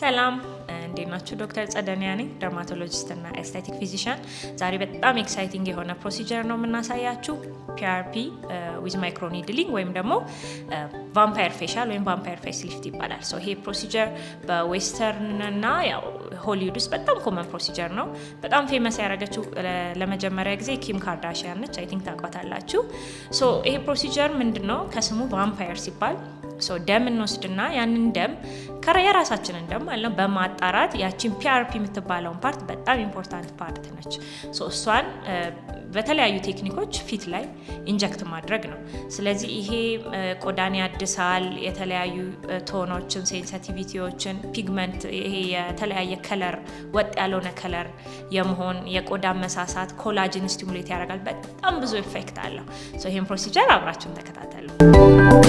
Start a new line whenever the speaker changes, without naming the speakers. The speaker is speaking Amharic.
ሰላም እንዴት ናችሁ? ዶክተር ጸደኒያ ነኝ ደርማቶሎጂስት እና ኤስቴቲክ ፊዚሽያን። ዛሬ በጣም ኤክሳይቲንግ የሆነ ፕሮሲጀር ነው የምናሳያችሁ ፒአርፒ ዊዝ ማይክሮኒድሊንግ ወይም ደግሞ ቫምፓየር ፌሻል ወይም ቫምፓየር ፌስ ሊፍት ይባላል። ይሄ ፕሮሲጀር በዌስተርን እና ሆሊውድ ውስጥ በጣም ኮመን ፕሮሲጀር ነው። በጣም ፌመስ ያደረገችው ለመጀመሪያ ጊዜ ኪም ካርዳሽያን ነች። አይ ቲንክ ታውቋታላችሁ። ይሄ ፕሮሲጀር ምንድን ነው? ከስሙ ቫምፓየር ሲባል ደም እንወስድና ያንን ደም የራሳችንን ደም ማለት ነው በማጣራት ያቺን ፒአርፒ የምትባለውን ፓርት በጣም ኢምፖርታንት ፓርት ነች። እሷን በተለያዩ ቴክኒኮች ፊት ላይ ኢንጀክት ማድረግ ነው። ስለዚህ ይሄ ቆዳን ያድሳል፣ የተለያዩ ቶኖችን፣ ሴንሲቲቪቲዎችን፣ ፒግመንት ይሄ የተለያየ ከለር ወጥ ያልሆነ ከለር የመሆን የቆዳ መሳሳት፣ ኮላጅን ስቲሙሌት ያደርጋል። በጣም ብዙ ኢፌክት አለው። ይህን ፕሮሲጀር አብራችሁን ተከታተሉ።